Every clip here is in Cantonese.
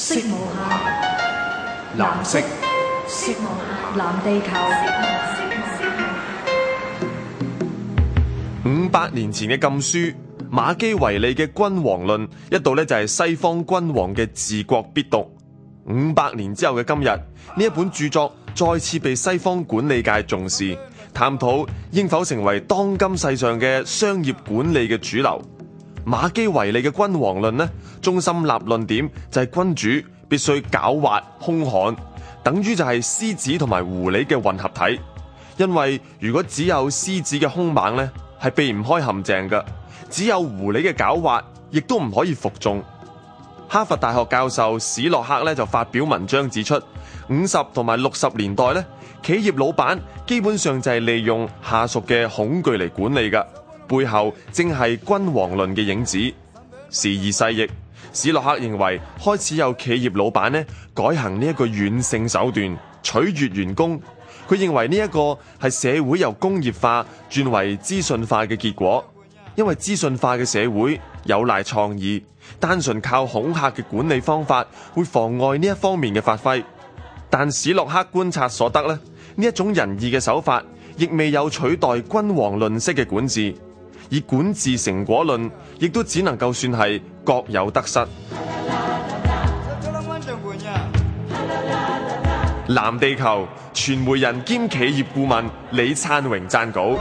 色無下，藍色。色無下，藍地球。五百年前嘅禁書《馬基維利嘅君王論》，一度呢就係西方君王嘅治國必讀。五百年之後嘅今日，呢一本著作再次被西方管理界重視，探討應否成為當今世上嘅商業管理嘅主流。馬基維利嘅君王論呢，中心立論點就係君主必須狡猾凶悍，等於就係獅子同埋狐狸嘅混合體。因為如果只有獅子嘅凶猛呢係避唔開陷阱噶，只有狐狸嘅狡猾，亦都唔可以服眾。哈佛大學教授史洛克咧就發表文章指出，五十同埋六十年代呢企業老闆基本上就係利用下屬嘅恐懼嚟管理噶。背後正係君王論嘅影子，時而世易，史洛克認為開始有企業老闆呢改行，呢一個軟性手段取悅員工。佢認為呢一個係社會由工業化轉為資訊化嘅結果，因為資訊化嘅社會有賴創意，單純靠恐嚇嘅管理方法會妨礙呢一方面嘅發揮。但史洛克觀察所得咧，呢一種仁義嘅手法亦未有取代君王論式嘅管治。以管治成果論，亦都只能夠算係各有得失。藍、啊、地球，傳媒人兼企業顧問李燦榮撰稿。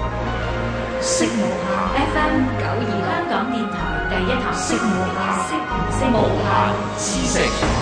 FM 九二香港電台第一